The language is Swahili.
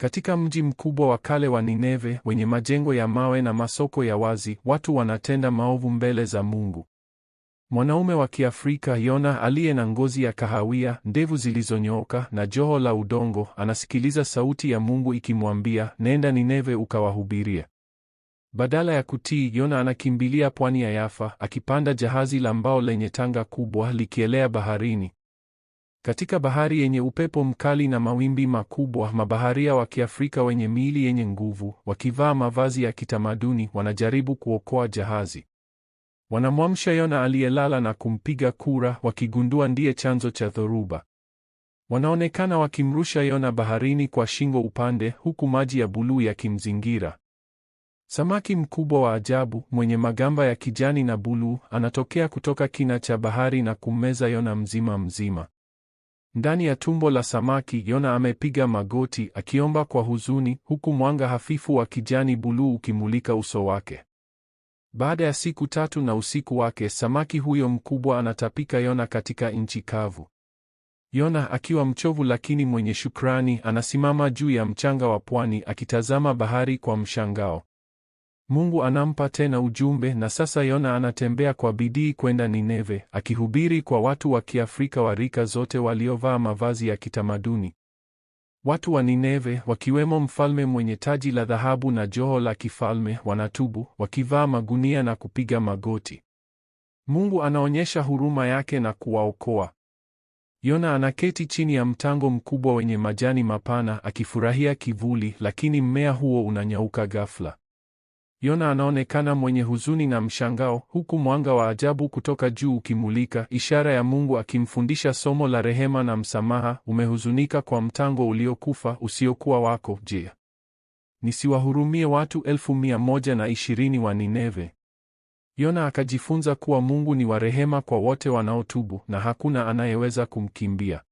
Katika mji mkubwa wa kale wa Nineve wenye majengo ya mawe na masoko ya wazi, watu wanatenda maovu mbele za Mungu. Mwanaume wa Kiafrika Yona aliye na ngozi ya kahawia, ndevu zilizonyooka na joho la udongo, anasikiliza sauti ya Mungu ikimwambia, nenda Nineve ukawahubiria. Badala ya kutii, Yona anakimbilia pwani ya Yafa, akipanda jahazi la mbao lenye tanga kubwa likielea baharini. Katika bahari yenye upepo mkali na mawimbi makubwa, mabaharia wa Kiafrika wenye miili yenye nguvu, wakivaa mavazi ya kitamaduni, wanajaribu kuokoa jahazi. Wanamwamsha Yona aliyelala na kumpiga kura, wakigundua ndiye chanzo cha dhoruba. Wanaonekana wakimrusha Yona baharini kwa shingo upande, huku maji ya buluu yakimzingira. Samaki mkubwa wa ajabu mwenye magamba ya kijani na buluu anatokea kutoka kina cha bahari na kummeza Yona mzima mzima. Ndani ya tumbo la samaki, Yona amepiga magoti akiomba kwa huzuni, huku mwanga hafifu wa kijani buluu ukimulika uso wake. Baada ya siku tatu na usiku wake, samaki huyo mkubwa anatapika Yona katika nchi kavu. Yona akiwa mchovu lakini mwenye shukrani, anasimama juu ya mchanga wa pwani akitazama bahari kwa mshangao. Mungu anampa tena ujumbe na sasa Yona anatembea kwa bidii kwenda Nineve, akihubiri kwa watu wa Kiafrika wa rika zote waliovaa mavazi ya kitamaduni. Watu wa Nineve, wakiwemo mfalme mwenye taji la dhahabu na joho la kifalme, wanatubu, wakivaa magunia na kupiga magoti. Mungu anaonyesha huruma yake na kuwaokoa. Yona anaketi chini ya mtango mkubwa wenye majani mapana akifurahia kivuli, lakini mmea huo unanyauka ghafla. Yona anaonekana mwenye huzuni na mshangao, huku mwanga wa ajabu kutoka juu ukimulika, ishara ya Mungu akimfundisha somo la rehema na msamaha. Umehuzunika kwa mtango uliokufa usiokuwa wako. Je, nisiwahurumie watu elfu mia moja na ishirini wa Nineve? Yona akajifunza kuwa Mungu ni wa rehema kwa wote wanaotubu na hakuna anayeweza kumkimbia.